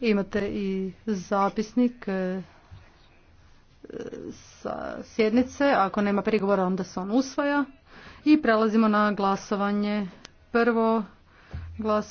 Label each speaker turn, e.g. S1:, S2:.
S1: Imate i zapisnik e, sa sjednice. Ako nema prigovora, onda se on usvaja. I prelazimo na glasovanje. Prvo glasovanje.